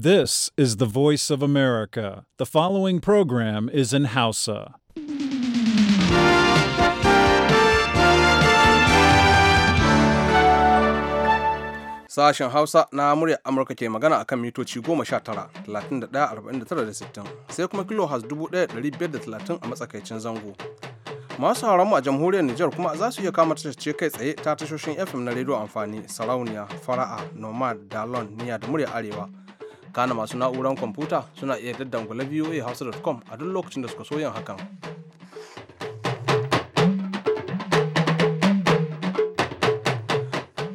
This is the voice of America. The following program is in Hausa. Sashen Hausa na murya Amurka ke magana a kan mitoci 19-31-49-60 sai kuma kilohaz 1,530 a matsakaicin zango. Masu mu a jamhuriyar Nijar kuma za su iya kama tashar kai tsaye ta tashoshin FM na rediyo amfani, sarauniya, fara'a, nomad, dalon, niya da murya arewa. kana masu na'urar kwamfuta suna iya daddangula voa hausa.com a duk lokacin da suka so yin hakan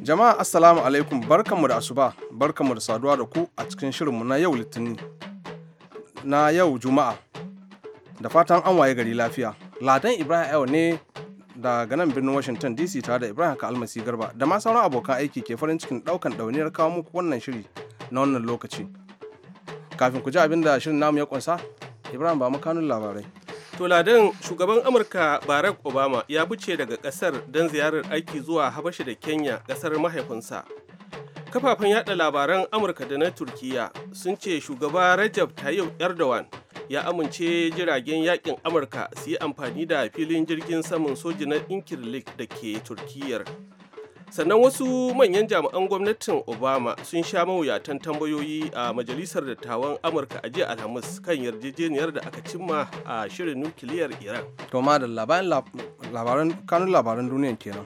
jama'a assalamu alaikum barkanmu da asuba barkanmu da saduwa da ku a cikin shirinmu na yau litinin na yau juma'a da fatan an waye gari lafiya ladan ibrahim Ayo ne daga nan birnin washington dc tare da ibrahim ka almasi garba da ma sauran abokan aiki ke farin cikin daukan dauniyar kawo muku wannan shiri na wannan lokaci kafin ku ji abin da shirin namu ya kunsa ibrahim ba makanun labarai to Ladan, shugaban amurka barack obama ya buce daga kasar don ziyarar aiki zuwa Habasha da kenya kasar mahaifinsa kafafen yada labaran amurka da na turkiya sun ce shugaba rajab tayyip erdogan ya amince jiragen yakin amurka su yi amfani da filin jirgin saman soji na inkirlik da ke turkiyar sannan wasu manyan jami'an gwamnatin obama sun sha mawuyatan tambayoyi a majalisar dattawan amurka a jiya alhamis kan yarjejeniyar da aka cimma a shirin nukiliyar iran to da labaran kanun labaran duniyan kenan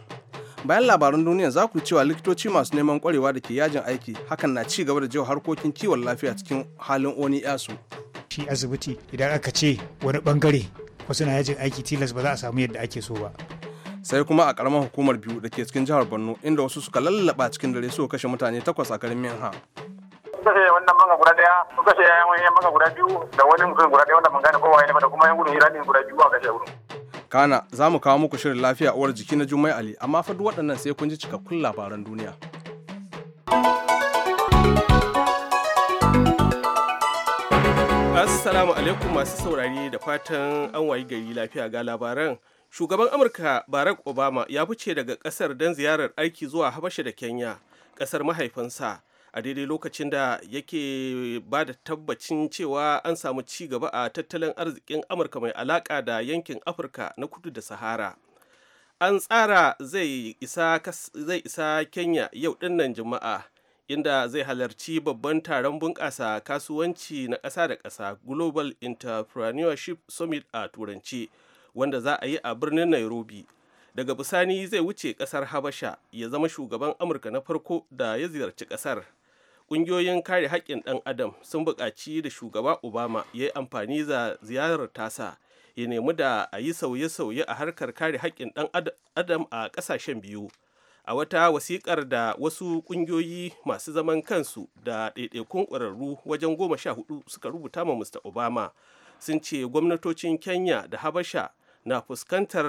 bayan labaran duniya za ku cewa likitoci masu neman kwarewa da ke yajin aiki hakan na ci gaba da jawo harkokin kiwon lafiya cikin halin oni yasu shi asibiti idan aka ce wani bangare wasu na yajin aiki tilas ba za a samu yadda ake so ba sai kuma a karamar hukumar biyu da ke cikin jihar borno inda wasu suka lallaba cikin dare su kashe mutane takwas a garin minha kashe wannan manga guda daya su kashe yan manga guda biyu da wani mutum guda daya wanda mun gane kowa da kuma yan gudun guda biyu a kashe kana za mu kawo muku shirin lafiya uwar jiki na jummai ali amma fa duk waɗannan sai kun ji cikakkun labaran duniya assalamu alaikum masu saurari da fatan an wayi gari lafiya ga labaran shugaban amurka barack obama ya fice daga kasar don ziyarar aiki zuwa habasha da kenya kasar mahaifinsa a daidai lokacin da yake ba da tabbacin cewa an samu ci gaba a tattalin arzikin amurka mai alaka da yankin afirka na kudu da sahara an tsara zai isa, kenya yau dinnan juma'a inda zai halarci babban taron bunƙasa kasuwanci na ƙasa da ƙasa global entrepreneurship summit a turanci wanda za a yi a birnin nairobi daga bisani zai wuce kasar habasha ya zama shugaban amurka na farko da ya ziyarci kasar ƙungiyoyin kare haƙƙin ɗan adam sun buƙaci da shugaba obama ya yi amfani da ziyarar tasa ya nemi da a yi sauye-sauye a harkar kare haƙƙin ɗan adam a ƙasashen biyu a wata wasiƙar da wasu ƙungiyoyi masu zaman kansu da ɗaiɗaikun ƙwararru wajen goma sha hudu suka rubuta ma mr obama sun ce gwamnatocin kenya da habasha na fuskantar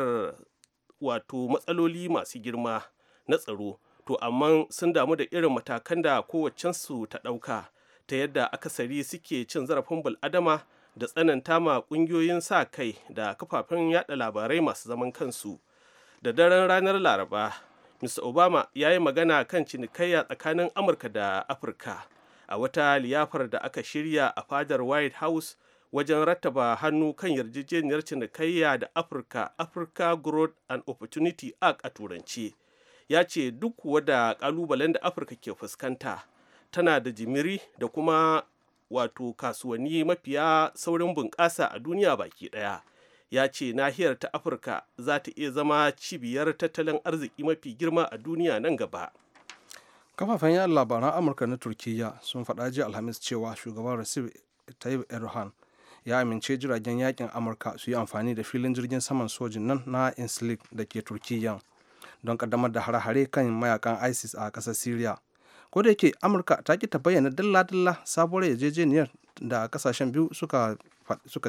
wato matsaloli masu girma na tsaro to amma sun damu da irin matakan da kowacensu ta ɗauka ta yadda akasari suke cin zarafin bul'adama da tsananta ma ƙungiyoyin sa kai da kafafen yada labarai masu zaman kansu da daren ranar laraba mr obama ya yi magana kan cinikayya tsakanin amurka da afirka a wata liyafar da aka shirya a fadar white house wajen rattaba hannu kan yarjejeniyar cinikayya da afirka africa growth and opportunity act a turance ya ce duk wada kalubalen da afirka ke fuskanta tana da jimiri da kuma wato kasuwanni mafiya saurin bunƙasa a duniya baki ɗaya ya ce nahiyar ta afirka za ta iya zama cibiyar tattalin arziki mafi girma a duniya nan gaba kafafen yada labaran amurka na turkiyya sun faɗa ji alhamis cewa shugaban recep tayyip erdogan ya amince jiragen yakin amurka su yi amfani da filin jirgin saman sojin nan na inslik da ke turkiyya don kaddamar da hare-hare kan mayakan isis a kasar syria ko da yake amurka ta ki ta bayyana dalla-dalla sabuwar yarjejeniyar da kasashen biyu suka,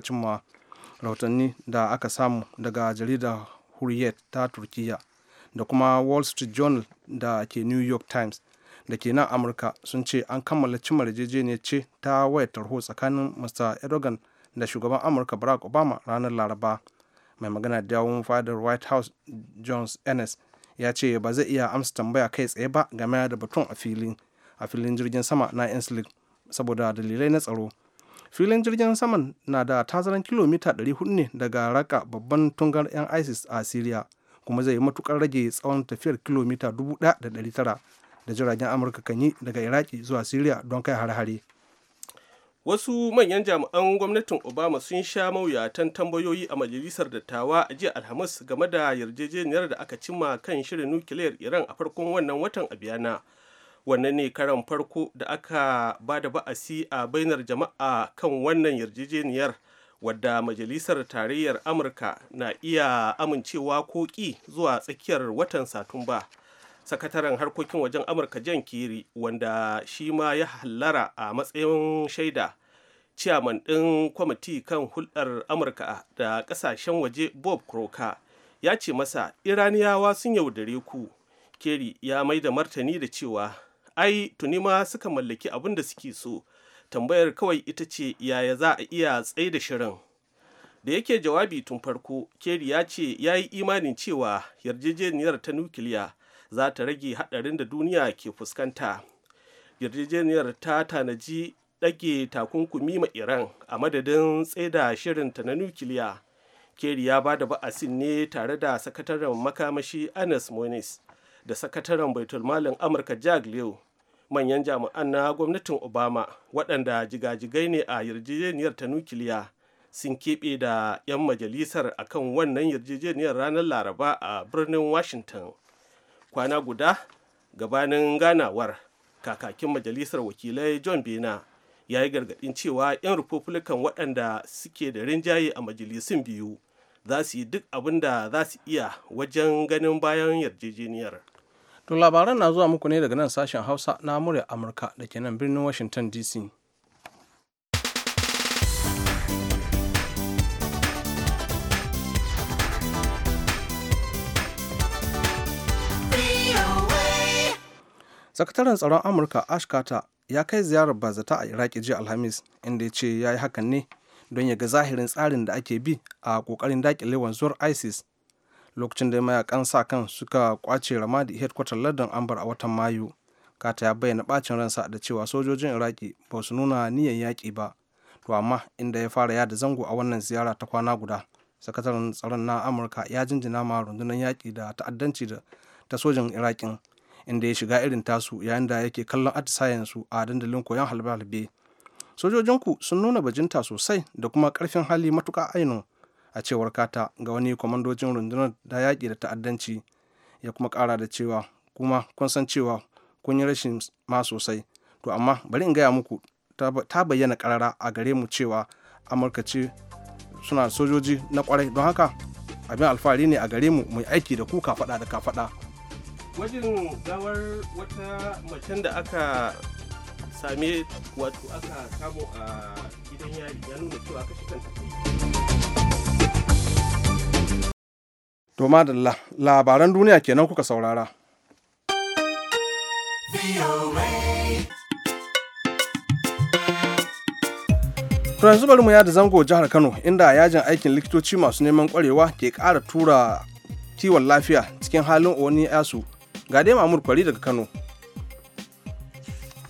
cimma rahotanni da aka samu daga jaridar hurriyet ta turkiyya da kuma wall street journal da ke new york times da ke nan amurka sun ce an kammala cimma yarjejeniyar ce ta wayar tarho tsakanin mr erdogan da shugaban amurka barack obama ranar laraba mai magana da yawon fadar white house jones ennis ya ce ba zai iya amsa tambaya kai tsaye ba game da batun a filin a filin jirgin sama na inslick saboda dalilai na tsaro filin jirgin saman na da tazaran kilomita 400 ne daga raka babban tungar 'yan isis a syria kuma zai yi matukar rage tsawon tafiyar kilomita 1,900 da jiragen amurka kan yi daga iraki zuwa syria don kai har hare wasu manyan jami'an gwamnatin obama sun sha mawuyatan tambayoyi a majalisar dattawa a jiya alhamis game da yarjejeniyar da aka cimma kan shirin nukiliyar iran a farkon wannan watan a biyana wannan ne karan farko da aka ba da ba'asi a bainar jama'a kan wannan yarjejeniyar wadda majalisar tarayyar amurka na iya amincewa ko zuwa tsakiyar watan satumba sakataren harkokin wajen amurka jan kiri wanda shi ma ya hallara a matsayin shaida ciyaman ɗin kwamiti kan hulɗar amurka da ƙasashen waje bob croker ya ce masa iraniyawa sun yaudare ku keri ya mai da martani da cewa ai tuni ma suka mallaki abin da suke so tambayar kawai ita ce yaya za a iya tsaye da shirin da yake jawabi tun farko keri ya ce ya yi imanin cewa yarjejeniyar ta nukiliya za ta rage haɗarin da duniya ke fuskanta yarjejeniyar ta tanaji ɗage takunkumi ma iran a madadin tsaida shirinta na nukiliya keri ya ba da ba'asin ne tare da sakataren makamashi anas moniz da sakataren baitulmalin amurka jack lew manyan jami'an na gwamnatin obama waɗanda jigajigai ne a yarjejeniyar ta nukiliya sun keɓe da 'yan majalisar akan wannan yarjejeniyar ranar laraba a birnin washington kwana guda gabanin ganawar kakakin majalisar wakilai john bena ya yi gargadin cewa 'yan republican waɗanda suke da rinjaye a majalisun biyu za su yi duk abin da za su iya wajen ganin bayan yarjejeniyar to labaran na zuwa muku ne daga nan sashen hausa na murya amurka da ke nan birnin washington dc sakataren tsaron amurka ash carter ya kai ziyarar bazata a iraki jiya alhamis inda ya ce ya yi hakan ne don ya ga zahirin tsarin da ake bi a kokarin dakile wanzuwar isis lokacin da mayakan sa kan suka kwace ramadi headquarter lardin ambar a watan mayu kata ya bayyana bacin ransa da cewa sojojin iraki ba su nuna niyan yaƙi ba to amma inda ya fara yada zango a wannan ziyara ta kwana guda sakataren tsaron na amurka ya jinjina ma rundunar yaƙi da ta'addanci da ta sojin iraki inda ya shiga irin tasu yayin da yake kallon atisayensu a dandalin koyon halbe-halbe sojojinku sun nuna bajinta sosai da kuma karfin hali matuka aino a cewar kata ga wani kwamandojin rundunar da yaƙi da ta'addanci ya kuma ƙara da cewa kuma kun san cewa kun yi rashin ma sosai to amma bari in gaya muku ta bayyana karara a gare mu cewa amurka ce suna sojoji na kwarai don haka abin alfahari ne a gare mu mai aiki da ku kafaɗa da kafaɗa gwajin gawar wata macen da aka same wato aka samu a gidan yari ya nuna cewa kashe kanta To madalla labaran duniya kenan kuka saurara. To yanzu bari mu yada zango jihar Kano inda yajin aikin likitoci masu neman kwarewa ke ƙara tura kiwon lafiya cikin halin oni yasu ga dai Mahmud Kwari daga Kano.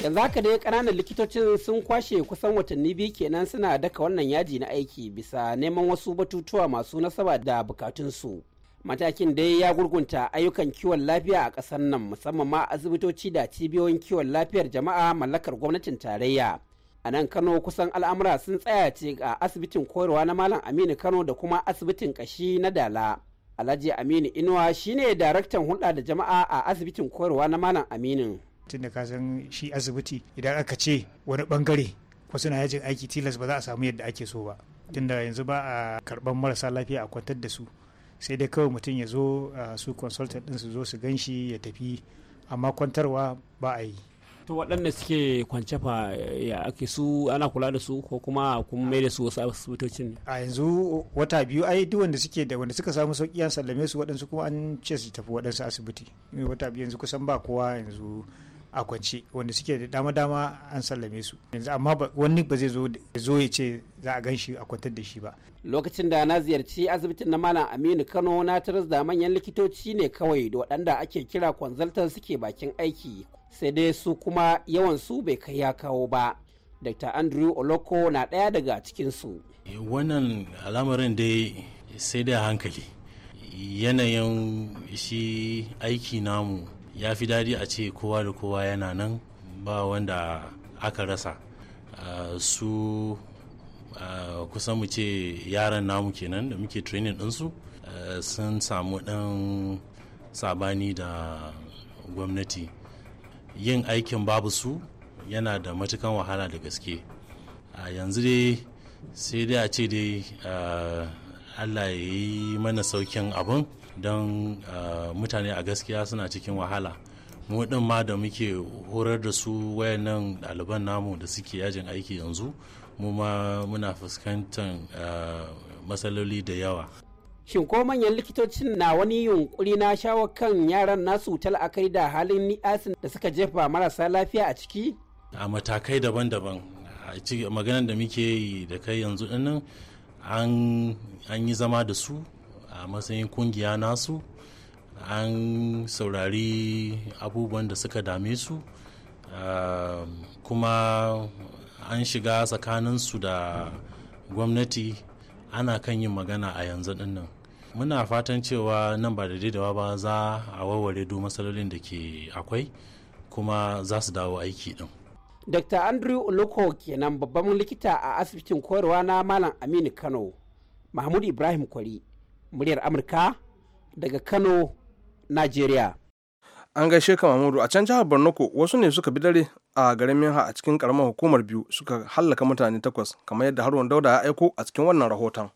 yanzu haka dai kananan likitocin sun kwashe kusan watanni biyu kenan suna daka wannan yaji na aiki bisa neman wasu batutuwa masu nasaba da bukatunsu matakin dai ya gurgunta ayyukan kiwon lafiya a ƙasar nan musamman ma asibitoci da cibiyoyin kiwon lafiyar jama'a mallakar gwamnatin tarayya a nan kano kusan al'amura sun tsaya ce ga asibitin koyarwa na malam aminu kano da kuma asibitin ƙashi na dala Alhaji Aminu Inuwa shine daraktan hulɗa da jama'a a asibitin koyarwa na Malam Aminu. Tun da ka san shi asibiti idan aka ce wani bangare wasu suna yajin aiki tilas ba za a samu yadda ake so ba. Tun da yanzu ba a karɓar marasa lafiya a kwantar da su sai dai kawai mutum ya zo ah, su consultant ɗin su zo su gan shi ya tafi amma kwantarwa ba a yi. to waɗanda suke kwance fa ya ake su ana kula da su ko kuma kun mai da su wasu asibitocin ne a yanzu wata biyu ai duk wanda suke da wanda suka samu sauki an sallame su waɗansu kuma an ce su tafi waɗansu asibiti mai wata biyu yanzu kusan ba kowa yanzu a kwance wanda suke da dama dama an sallame su yanzu amma wani ba zai zo ya ce za a gan shi a kwantar da shi ba lokacin da na ziyarci asibitin na malam aminu kano na taras da manyan likitoci ne kawai da waɗanda ake kira kwanzaltar suke bakin aiki sai dai su kuma yawan su bai kai ya kawo ba dr andrew oloko na ɗaya daga cikinsu eh, wannan al'amarin dai sai dai hankali yanayin shi aiki namu ya fi daɗi a ce kowa da kowa yana nan ba wanda aka rasa su kusan mu ce yaran namu kenan da muke training ɗinsu sun samu ɗan sabani da gwamnati yin aikin babu su yana da matukan wahala da gaske a yanzu dai sai dai a ce dai allah ya yi mana saukin abin don mutane a gaskiya suna cikin wahala mu din ma da muke horar da su nan ɗaliban namu da suke yajin aiki yanzu mu ma muna fuskantar matsaloli da yawa Shin ko manyan likitocin na wani yunkuri na shawo kan yaran nasu kai da halin ni'asin da suka jefa marasa lafiya a ciki? A matakai daban-daban a maganar da muke yi da kai yanzu dinnan an yi zama da su a matsayin kungiya nasu an saurari abubuwan da suka dame su kuma an shiga tsakaninsu da gwamnati ana kan yin magana a yanzu dinnan muna fatan cewa nan ba da daidawa ba za a warware duk matsalolin da ke akwai kuma za su dawo aiki din dr andrew oloko kenan babban likita a asibitin koyarwa na malam aminu kano mahmud ibrahim kwari muryar amurka daga kano nigeria an gaishe ka mamudu a can jihar borno ko wasu ne suka bi dare a garin minha a cikin karamar hukumar biyu suka hallaka mutane takwas kamar yadda harwan dauda ya aiko a cikin wannan rahoton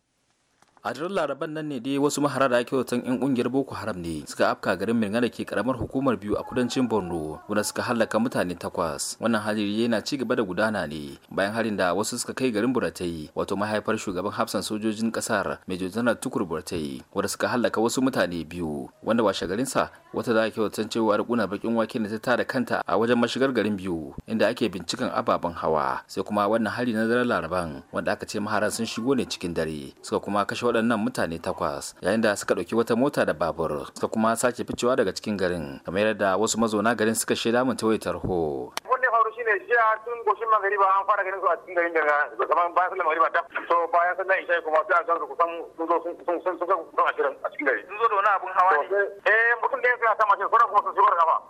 a jirin laraban nan ne dai wasu mahara da ake watan yan kungiyar boko haram ne suka afka garin mirga da ke karamar hukumar biyu a kudancin borno wanda suka hallaka mutane takwas wannan hali yana ci gaba da gudana ne bayan harin da wasu suka kai garin buratai wato mahaifar shugaban hafsan sojojin kasar major general tukur buratai wanda suka hallaka wasu mutane biyu wanda washe garinsa wata da ake watan cewa rikunar bakin wake ne ta tada kanta a wajen mashigar garin biyu inda ake binciken ababen hawa sai kuma wannan hali na daren laraban wanda aka ce maharan sun shigo ne cikin dare suka kuma kashe waɗannan mutane takwas yayin da suka ɗauki wata mota da babur suka kuma sake ficewa daga cikin garin kamar yadda wasu mazauna garin suka shaida mun ta wayar da bayan sallar magariba ta so bayan sallar isha a cikin gari. Sun zo da wani abun hawa ne. Eh,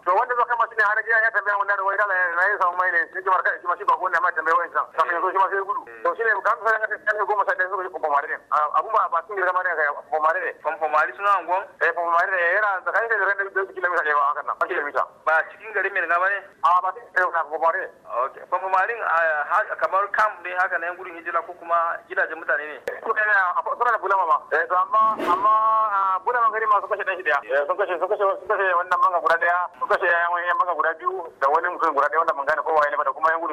to wanda lokacin ne har ya tambaya mun da wai dala na yi samu mai ne shi kamar shi ma shi ba gona ma tambaya wai san kafin zo shi ma sai gudu to shi ne san sai ka kan goma sai su ko pomare ne abun ba ba sun girma ne ga pomare ne pom pomare suna angon eh pom pomare ne yana da kai da ran da kilomita ne ba hakan nan kilomita ba cikin gari mai ga bane a ba sai ka pomare okay pom pomare kamar camp ne haka na yan hijira ko kuma gidajen mutane ne ko kana suna da bulama ba ah, eh to amma amma bulama gari ma kashe dan shi daya sun kashe sun kashe sun kashe wannan manga guda daya sun kashe eh, yayan gaya maka guda biyu da de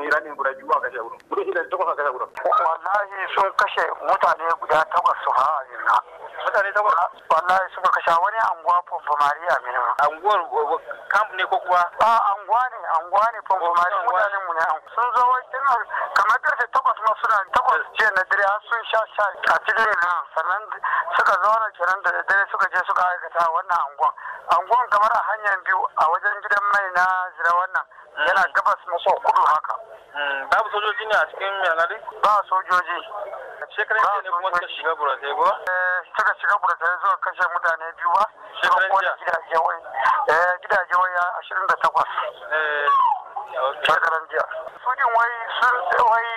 miranin guda biyu a kashe wurin guda takwas a kashe wurin. wallahi sun kashe mutane guda takwas su fara yanzu. mutane takwas. wallahi suka kashe wani anguwa pomfamari a mina. anguwar camp ne ko kuwa. a anguwa ne anguwa ne pomfamari mutanen mu ne sun zo kamar karfe takwas ma suna takwas jiya na dare an sun sha sha a cikin nan sannan suka zauna kenan da dare suka je suka aikata wannan anguwan. anguwan kamar a hanyar biyu a wajen gidan mai na zira wannan. Eh. yana gabas maso kudu haka eh. babu sojoji ne a cikin yanari ba sojoji shekaran jiya ne kuma suka shiga buratai ko eh, suka shiga buratai zuwa kashe mutane biyu ba shekaran jiya gidaje wai gidaje wai ashirin da takwas shekaran jiya sojin wai sun wai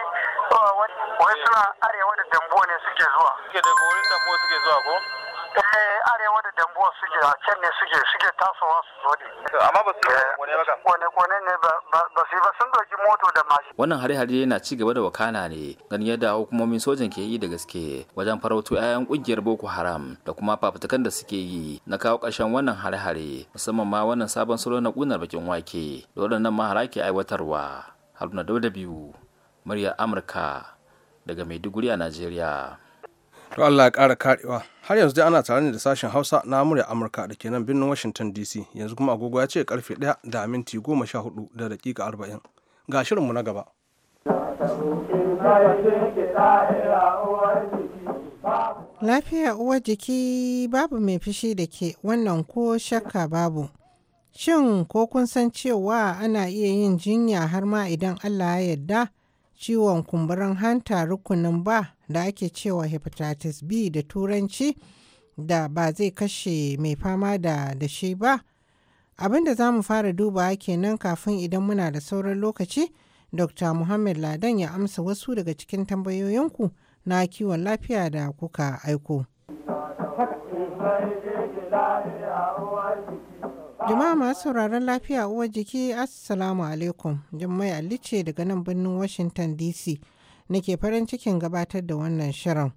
wai suna arewa da dambo ne suke zuwa suke daga wurin dambo suke zuwa ko eh arewa da dambuwa suke a can ne suke suke tasowa su zo ne amma ba su eh, kone kone ne ba su yi ba sun doki moto da mashin wannan hare-hare yana ci gaba da wakana ne ganin yadda hukumomin sojan ke yi da gaske wajen farautu 'ya'yan ƙungiyar boko haram da kuma fafutukan da suke yi na kawo ƙarshen wannan hare-hare musamman ma wannan sabon salo na ƙunar bakin wake da waɗannan mahara ke aiwatarwa haruna dauda biyu murya amurka daga maiduguri a najeriya To Allah ya ƙara karewa. Har yanzu dai ana tare ne da sashen Hausa na murya Amurka da ke nan birnin Washington DC. Yanzu kuma agogo ya ce karfe 1 da minti 14 da daƙiƙa 40. Ga shirinmu na gaba. Lafiya uwar jiki babu mai fushi da ke wannan ko shakka babu. Shin ko kun san cewa ana iya yin jinya har ma idan Allah ya yarda? ciwon kumburin hanta rukunin ba da ake cewa hepatitis b da turanci da ba zai kashe mai fama da dashi shi ba abinda za mu fara dubawa kenan kafin idan muna da sauran lokaci dr muhammad ladan ya amsa wasu daga cikin tambayoyinku na kiwon lafiya da kuka aiko. Jama'a masu sauraron lafiya uwar jiki Assalamu alaikum. Jummai Ali ce daga nan birnin Washington DC na ke farin cikin gabatar da wannan shirin.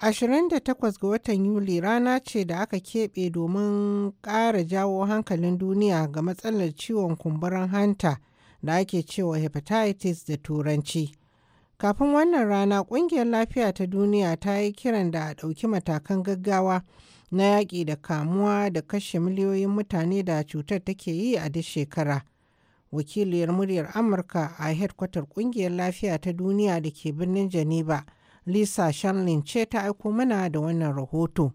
28 ga watan Yuli rana ce da aka keɓe domin ƙara jawo hankalin duniya ga matsalar ciwon kumburin hanta da ake cewa hepatitis da turanci. Kafin wannan rana ƙungiyar lafiya ta duniya ta yi kiran da a ɗauki matakan gaggawa. na yaƙi da kamuwa da kashe miliyoyin mutane da cutar take yi a duk shekara. Wakiliyar muryar Amurka a hedkwatar ƙungiyar lafiya ta duniya da ke birnin Geneva, Lisa Shanlin ce ta aiko mana da wannan rahoto.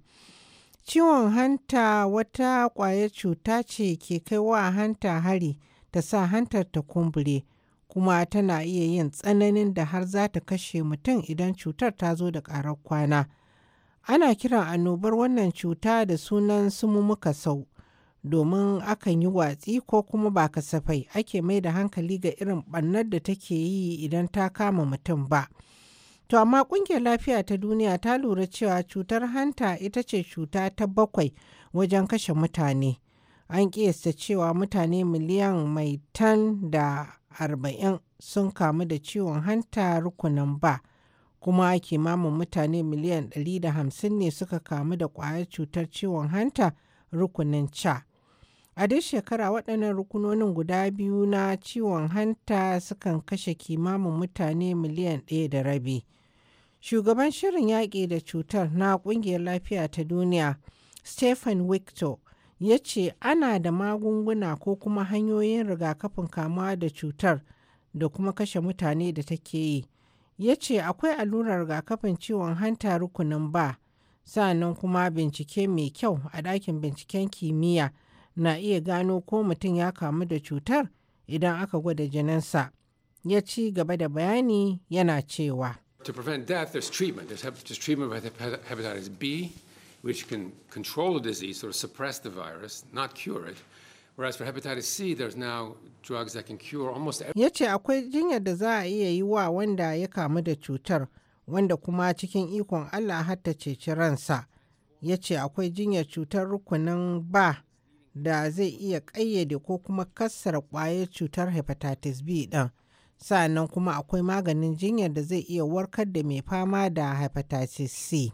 Ciwon hanta wata ƙwayar cuta ce ke kai wa hanta hari ta sa hantar ta kumbure, kuma tana iya yin tsananin da har za ta kashe mutum idan cutar ta zo da ƙarar kwana. Ana kiran annobar wannan cuta da sunan sumumuka sau domin akan yi watsi ko kuma ba kasafai ake mai da hankali ga irin bannar da take yi idan ta kama mutum ba. To amma ƙungiyar lafiya ta duniya ta lura cewa cutar hanta ita ce cuta ta bakwai wajen kashe mutane. An ƙiyasta cewa mutane miliyan mai tan da arba'in sun kamu da ciwon hanta rukunin ba. kuma kimamin mutane miliyan 150 ne suka kamu da ƙwayar cutar ciwon hanta rukunin ca. A duk shekara waɗannan rukunonin guda biyu na ciwon hanta sukan kashe kimamin mutane miliyan ɗaya da rabi. Shugaban shirin yaƙi da cutar na ƙungiyar lafiya ta duniya, Stephen Victor, ya ce ana da magunguna ko kuma hanyoyin rigakafin kamuwa da cutar da kuma kashe mutane da take yi. ya ce akwai allurar rigakafin ciwon hanta rukunin ba sa'annan kuma bincike mai kyau a ɗakin binciken kimiyya na iya gano ko mutum ya kamu da cutar idan aka gwada jininsa ya ci gaba da bayani yana cewa To prevent death, there's treatment. There's, treatment with hepatitis B, which can control the disease, sort suppress the virus, not cure it. whereas for C there's now drugs cure almost akwai jinyar da za a iya yi wa wanda ya kamu da cutar wanda kuma cikin ikon Allah har ta ceci ransa yace akwai jinyar cutar rukunin ba da zai iya ƙayyade ko kuma kassara ƙwayar cutar hepatitis B ɗin. Sa'annan kuma akwai maganin jinyar da zai iya warkar da mai fama da hepatitis C.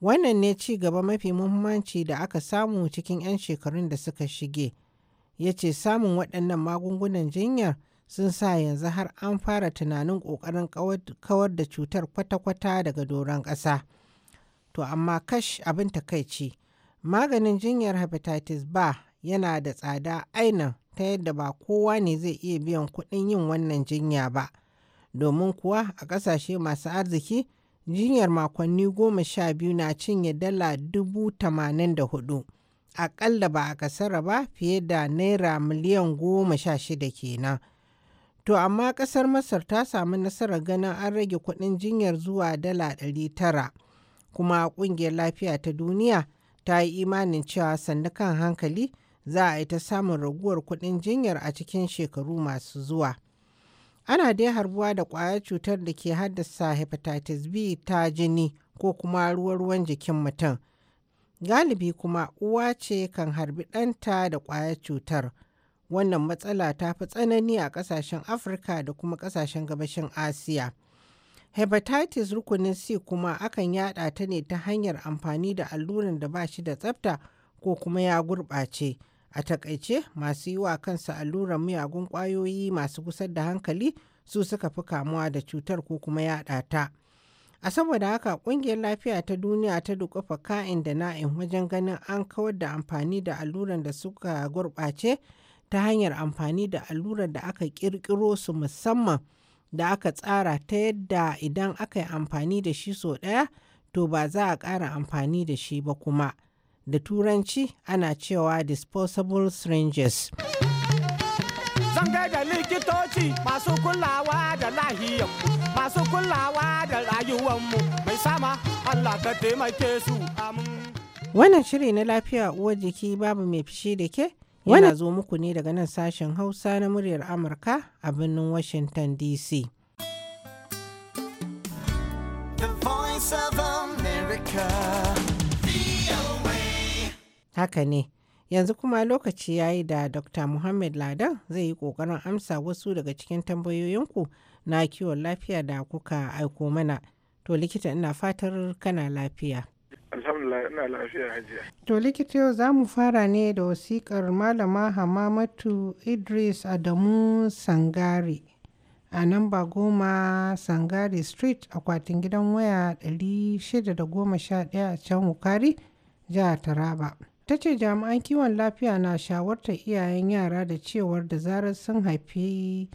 Wannan ne ci gaba mafi muhimmanci da aka samu cikin 'yan shekarun da suka shige. Ya ce samun waɗannan magungunan jinyar sun sa yanzu har an fara tunanin ƙoƙarin kawar da cutar kwata-kwata daga doron ƙasa. To amma kash abin takaici. Maganin jinyar hepatitis ba yana da tsada ainihin ta yadda ba kowa ne zai iya biyan kuɗin yin wannan jinya ba. Domin kuwa a ƙasashe masu arziki jinyar makonni goma sha biyu na cinye dala dubu tamanin da hudu aƙalla ba a kasara ba fiye da naira miliyan goma sha shida kenan to amma ƙasar masar ta samu nasarar ganin an rage kuɗin jinyar zuwa dala ɗari tara kuma ƙungiyar lafiya ta duniya ta yi imanin cewa sannu kan hankali za a yi ta samun raguwar kuɗin jinyar a cikin shekaru masu zuwa. ana dai harbuwa da ƙwayar cutar da ke haddasa hepatitis b ta jini ko kuma ruwa-ruwan jikin mutum galibi kuma uwa ce kan harbi ɗanta da ƙwayar cutar wannan matsala ta fi tsanani a ƙasashen afirka da kuma ƙasashen gabashin asiya hepatitis rukunin c kuma akan yada ta ne ta hanyar amfani da alluran da ba shi da tsafta ko kuma ya gurɓace a takaice masu yi wa kansu allurar miyagun ƙwayoyi masu kusar da hankali su suka fi kamuwa da cutar ko kuma yaɗa ta a saboda haka ƙungiyar lafiya ta duniya ta dukufa ka'in da na'in wajen ganin an kawar da amfani da alluran da suka gurɓace ta hanyar amfani da allurar da aka ƙirƙiro su musamman da aka tsara ta yadda idan aka yi amfani da shi sau ɗaya to ba za a ƙara amfani da shi ba kuma. da turanci ana cewa disposable syringes. Zan da likitoci masu kulawa da lahiyar masu kulawa da rayuwanmu mai sama Allah ka taimake su Wannan shiri na lafiya uwar jiki babu mai fishi da ke yana zo muku ne daga nan sashen Hausa na muryar Amurka a birnin Washington DC. The Voice of America. Haka ne, yanzu kuma lokaci ya yi da Dr. Muhammad Ladan zai yi kokarin amsa wasu daga cikin tambayoyinku na kiwon lafiya da kuka aiko mana. To likita ina fatar kana lafiya. Alhamdulillah ina lafiya hajiya. To likita yau za mu fara ne da wasikar Malama Hamamatu Idris Adamu Sangari. a namba goma sangari street akwatin gidan waya 611 a can wukari jihar taraba ta ce jami'an kiwon lafiya na shawartar iyayen yara da cewar da zarar sun haifi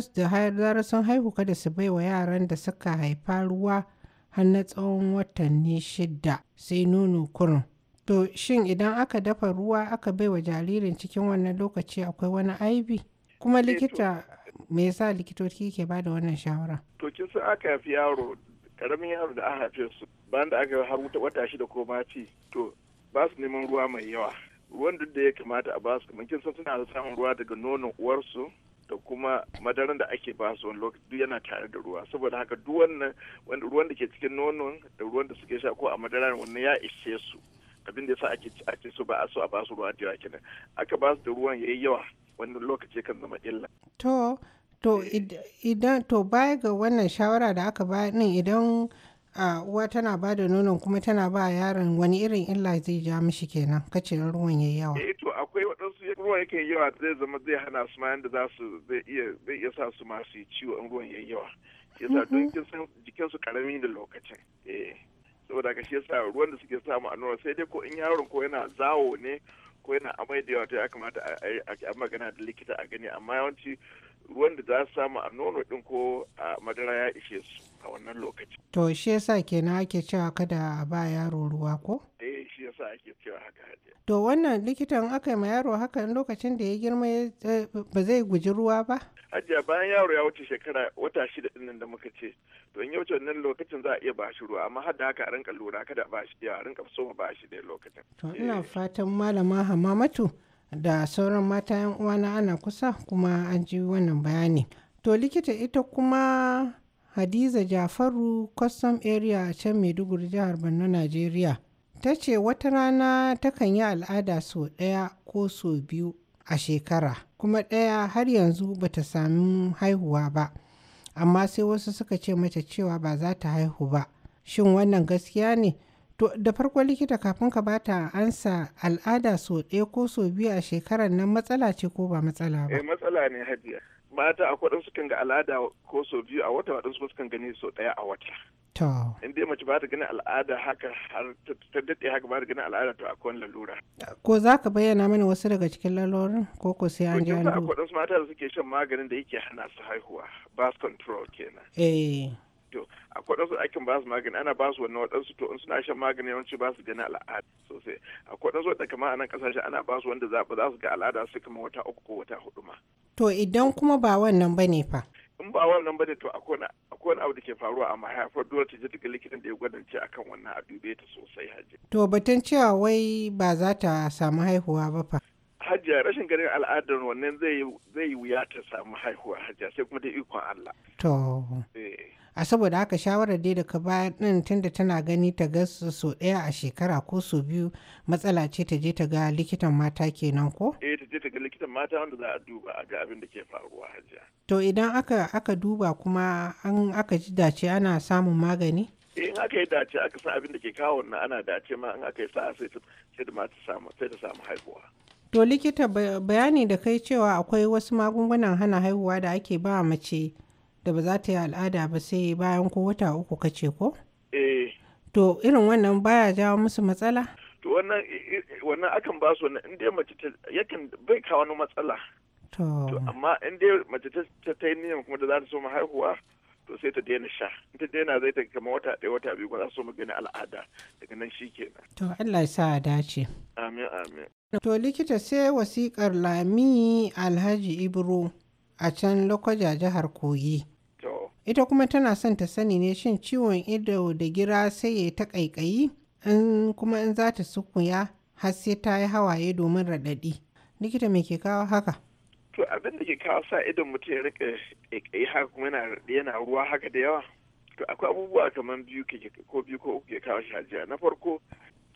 su da zarar sun haihu kada su baiwa yaran da suka haifa ruwa har na tsawon watanni shida sai nono kurin to shin idan aka dafa ruwa aka baiwa jaririn cikin wannan lokaci akwai wani aibi kuma eh, likita me yasa likitoci ke ba da wannan shawara to kin san aka haifi yaro karamin yaro da aka haife su bayan da aka har wata shida ko ma ci to ba su neman ruwa mai yawa ruwan da ya kamata a basu kamar kin san suna samun ruwa daga nonon uwarsu da kuma madaran da ake ba su wani lokaci duk yana tare da ruwa saboda haka duk wannan ruwan da ke cikin nonon da ruwan da suke sha ko a madaran wannan ya ishe su abin da yasa ake ake so ba a so a ba su ruwa da yawa kenan aka ba su da ruwan yayi yawa wannan lokaci kan zama illa to to eh. idan to baya ga wannan shawara da aka ba idan a uwa tana ba da nonon kuma tana ba yaron wani irin illa zai ja mishi kenan kace ruwan yayi yawa eh to akwai waɗansu ruwan yake yawa zai zama zai hana su ma yanda za su zai iya zai iya sa su ma su ciwo in ruwan yayi yawa yasa don mm-hmm. kin san jikin su karami da lokacin eh saboda ka shi yasa ruwan da suke samu a nono sai dai ko in yaron ko yana zawo ne ko yana amai da yawa to ya kamata a yi magana da likita a gani amma yawanci ruwan da za su samu a nono din ko a madara ya ishe su a wannan lokaci. To shi yasa kenan ake cewa kada a ba yaro ruwa ko? Eh shi yasa ake cewa haka To wannan likitan aka yi ma yaro haka lokacin da ya girma eh, ba zai guji ruwa ba? Hajiya bayan yaro ya wuce shekara wata shida din nan da muka ce to in ya wuce wannan lokacin za a iya ba shi ruwa amma har da haka a rinka lura kada ba shi a rinka so ba shi da lokacin. To eh. ina fatan malama Hamamatu. da sauran mata 'yan uwana ana kusa kuma an ji wannan bayani. To likita ita kuma Hadiza Jafaru Custom Area a can Maiduguri jihar Borno Najeriya. Ta ce wata rana takan yi al'ada sau ɗaya ko sau biyu a shekara kuma ɗaya har yanzu ba ta sami haihuwa ba. Amma sai wasu suka ce mata cewa ba za ta haihu ba. Shin wannan gaskiya ne? To da farko likita kafin ka bata ansa al'ada so ɗaya ko so biyu a shekarar nan matsala ce ko ba matsala ba? Eh matsala ne hadiya. Mata akwai ɗansu kan ga al'ada ko so biyu a wata waɗansu kuma kan gani so ɗaya a wata. To. In dai mace ba ta gani al'ada haka har ta daɗe haka ba ta gani al'ada to akwai wani lalura. Ko za ka bayyana mana wasu daga cikin lalurorin ko ko sai an ji an duba? Akwai ɗansu mata da suke shan maganin da yake hana su haihuwa. Birth control kenan. Eh. to akwai ɗansu aikin ba su magani ana ba su wannan waɗansu to in suna shan magani yawanci ba su gani al'ada sosai akwai ɗansu da kama a nan ƙasashe ana ba su wanda za su ga al'ada su kamar wata uku ko wata hudu ma. to idan kuma ba wannan ba ne fa. in ba wannan ba ne to akwai wani abu da ke faruwa a mahaifar dole ta je daga likitan da ya gwadance kan wannan a dube ta sosai haji. to batun cewa wai ba za ta samu haihuwa ba fa. hajiya rashin ganin al'adar wannan zai yi wuya ta samu haihuwa hajiya sai kuma da ikon Allah. To. Eh. a saboda haka shawarar dai da daga bayar din tunda tana gani ta ga so ɗaya a shekara ko so biyu matsala ce ta je ta ga likitan mata kenan ko eh ta je ta ga likitan mata wanda za a duba a ga abin da ke faruwa hajiya to idan aka aka duba kuma an aka ji dace ana samun magani eh, in aka yi dace aka san abin da ke kawo na ana dace ma in aka yi sa'a sai ta mata samu sai ta samu haihuwa to likita bayani da kai cewa akwai wasu magungunan hana haihuwa da ake ba mace da ba za ta yi al'ada ba sai bayan ko wata uku kace ko? Eh. To irin wannan baya jawo musu matsala? To wannan wannan akan ba su in dai mace ta yakan bai kawo wani matsala. To amma in dai mace ta ta yi niyan kuma da za ta so haihuwa to sai ta daina sha in ta daina zai ta kama wata ɗaya wata biyu ba za su mu gani al'ada daga nan shi kenan. To Allah ya sa a dace. Amin amin. To likita sai wasiƙar Lami Alhaji Ibro a can lokaja jihar Kogi. ita kuma tana son ta sani ne shin ciwon ido da gira sai ya ta ƙaiƙayi in kuma in za ta sukuya har sai ta yi hawaye domin raɗaɗi likita me ke kawo haka to abin da ke kawo sa idon mutum ya rika ƙaiƙayi haka kuma yana ruwa haka da yawa to akwai abubuwa kamar biyu ko biyu ko uku ke kawo shi hajiya na farko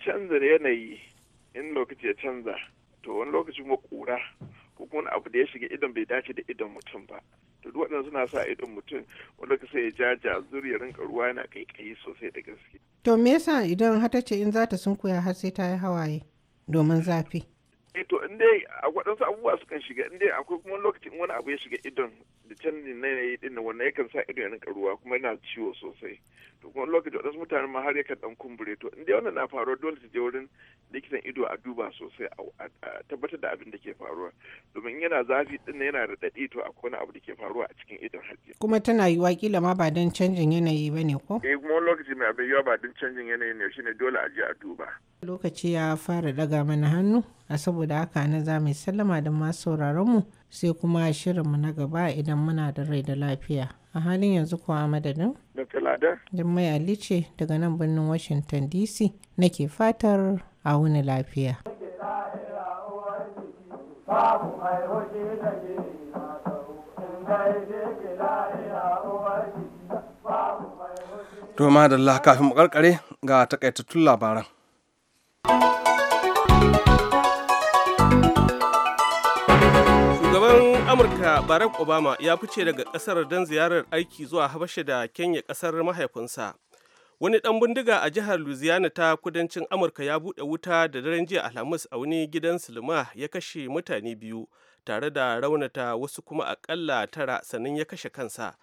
canza yanayi in lokaci ya canza to wani lokaci kuma kura ko kuma abu da ya shiga idon bai dace da idon mutum ba to duk waɗannan suna sa idon mutum wanda ka sai ya ja jazur ya rinka ruwa yana kai kai sosai da gaske to me yasa idan hata ce in za ta sunkuya har sai ta yi hawaye domin zafi eh to in dai a waɗansu abubuwa sukan shiga in dai akwai kuma lokacin wani abu ya shiga idon da canjin na yanayi din wannan yakan sa ido ya rinka ruwa kuma yana ciwo sosai to kuma lokaci wadansu mutane ma har yakan dan kumbure to inda wannan na faruwa dole su je wurin likitan ido a duba sosai a tabbatar da abin da ke faruwa domin yana zafi din yana radadi to akwai wani abu da ke faruwa a cikin idon hajji kuma tana yiwa kila ma ba dan canjin yanayi ba ne ko eh kuma lokaci mai abin yiwa ba don canjin yanayi ne shine dole a je a duba lokaci ya fara daga mana hannu a saboda haka na za mu sallama da masu sauraron mu sai kuma shirinmu na gaba idan muna da rai da lafiya a halin yanzu kuwa a madadin don mai alice daga nan birnin washington dc nake fatar a wuni lafiya to madalla kafin mu karkare ga takaitattun labaran amurka barack obama ya fice daga kasar don ziyarar aiki zuwa habasha da kenya kasar mahaifinsa wani ɗan bindiga a jihar louisiana ta kudancin amurka ya buɗe wuta da daren jiya alhamis a wani gidan silma ya kashe mutane biyu tare da raunata wasu kuma aƙalla tara sannan ya kashe kansa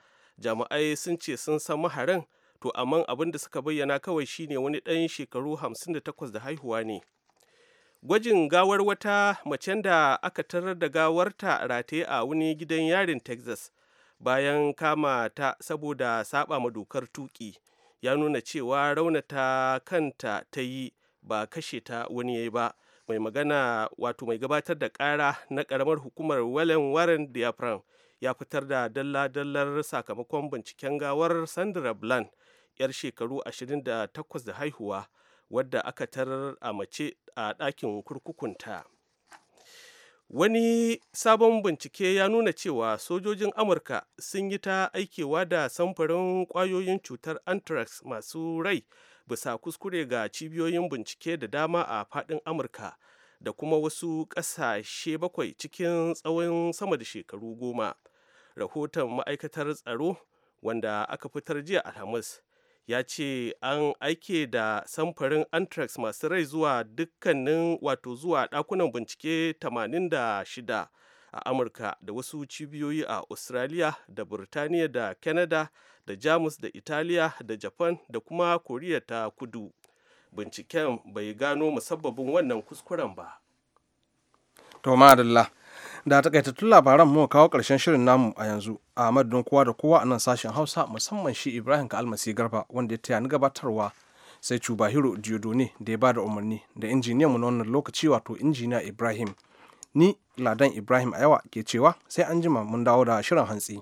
jami'ai sun ce sun san maharin to amma abin da suka bayyana kawai shine wani ɗan shekaru hamsin da 58 da haihuwa ne gwajin gawar wata macen da aka tarar da gawarta rataye a wani gidan yarin texas bayan kama ta saboda saba ma dokar tuki ya nuna cewa raunata kanta ta yi ba kashe ta wani yayi ba mai magana wato mai gabatar da kara na karamar hukumar wellen warren diaphragm ya fitar da dalla-dallar sakamakon binciken gawar sandra bland yar shekaru 28 da haihuwa wadda aka tarar a mace a ɗakin kurkukunta wani sabon bincike ya nuna cewa sojojin amurka sun yi ta aikewa da samfurin ƙwayoyin cutar anthrax masu rai bisa kuskure ga cibiyoyin bincike da dama a faɗin amurka da kuma wasu ƙasashe bakwai cikin tsawon sama da shekaru goma rahoton ma'aikatar tsaro wanda aka fitar jiya alhamis ya ce an aike da samfarin anthrax masu rai zuwa dukkanin wato zuwa dakunan bincike 86 a amurka da wasu cibiyoyi a australia da burtaniya da canada da jamus da italiya da japan da kuma koriya ta kudu binciken bai gano musabbabin wannan kuskuren ba to da takaitattun labaran mu kawo karshen shirin namu a yanzu a madadin kowa da kowa a nan sashen hausa musamman shi ibrahim ka almasi garba wanda ya taya ni gabatarwa sai cubahiro diodone da ya bada umarni da injiniya mu na wannan lokaci wato injiniya ibrahim ni ladan ibrahim a yawa ke cewa sai an jima mun dawo da shirin hantsi